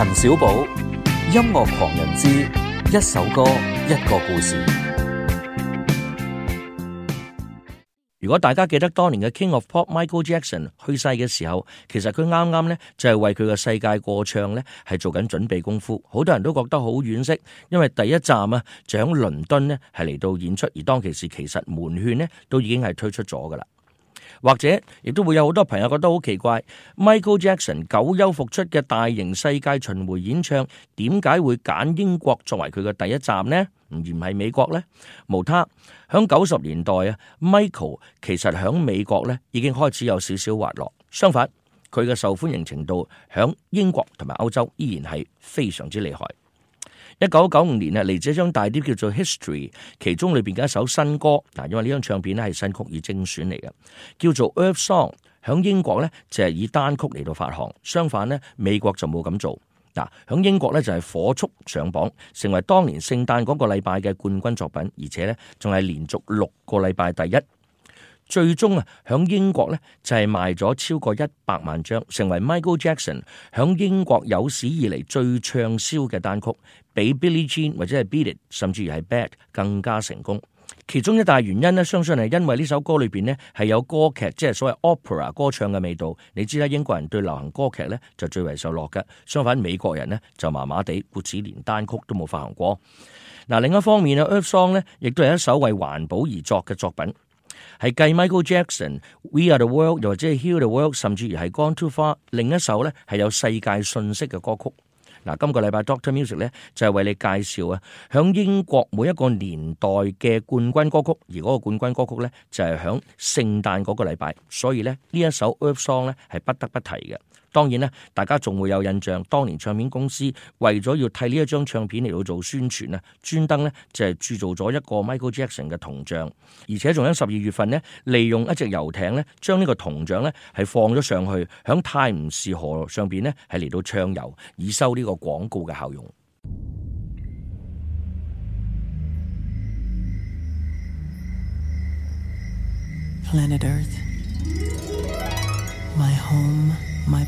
陳少寶，音樂狂人之一首歌一個故事。如果大家記得當年嘅 King of Pop Michael Jackson 去世嘅時候，其實佢啱啱呢就係為佢嘅世界歌唱呢係做緊準備功夫。好多人都覺得好惋惜，因為第一站啊就喺倫敦呢係嚟到演出，而當其時其實門券呢都已經係推出咗噶啦。或者亦都會有好多朋友覺得好奇怪，Michael Jackson 久休復出嘅大型世界巡迴演唱，點解會揀英國作為佢嘅第一站呢？而唔係美國呢？無他，響九十年代啊，Michael 其實響美國呢已經開始有少少滑落，相反佢嘅受歡迎程度響英國同埋歐洲依然係非常之厲害。一九九五年啊，嚟自一張大碟叫做《History》，其中裏邊嘅一首新歌，嗱，因為呢張唱片咧係新曲以精選嚟嘅，叫做《Earth Song》，響英國呢就係以單曲嚟到發行，相反呢美國就冇咁做。嗱，響英國呢就係火速上榜，成為當年聖誕嗰個禮拜嘅冠軍作品，而且呢仲係連續六個禮拜第一。最終啊，響英國咧就係賣咗超過一百萬張，成為 Michael Jackson 響英國有史以嚟最暢銷嘅單曲，比 Billie Jean 或者係 Beat It 甚至係 Bad 更加成功。其中一大原因咧，相信係因為呢首歌裏邊咧係有歌劇，即係所謂 opera 歌唱嘅味道。你知啦，英國人對流行歌劇咧就最為受落嘅。相反，美國人咧就麻麻地，故此連單曲都冇發行過。嗱，另一方面啊，Earth Song 咧亦都係一首為環保而作嘅作品。係繼 Michael Jackson，We Are the World 又或者 Heal the World，甚至於係 Gone Too Far 另一首咧係有世界信息嘅歌曲。嗱，今個禮拜 Doctor Music 咧就係為你介紹啊，響英國每一個年代嘅冠軍歌曲，而嗰個冠軍歌曲咧就係響聖誕嗰個禮拜，所以咧呢一首 Earth Song 咧係不得不提嘅。當然大家仲會有印象，當年唱片公司為咗要替呢一張唱片嚟到做宣傳啊，專登咧就係、是、鑄造咗一個 Michael Jackson 嘅銅像，而且仲喺十二月份咧，利用一隻遊艇咧，將呢個銅像咧係放咗上去，喺泰晤士河上邊咧係嚟到暢遊，以收呢個廣告嘅效用。Planet Earth, my home.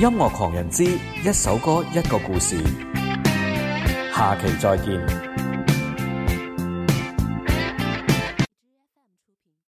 音樂狂人之，一首歌，一個故事，下期再見。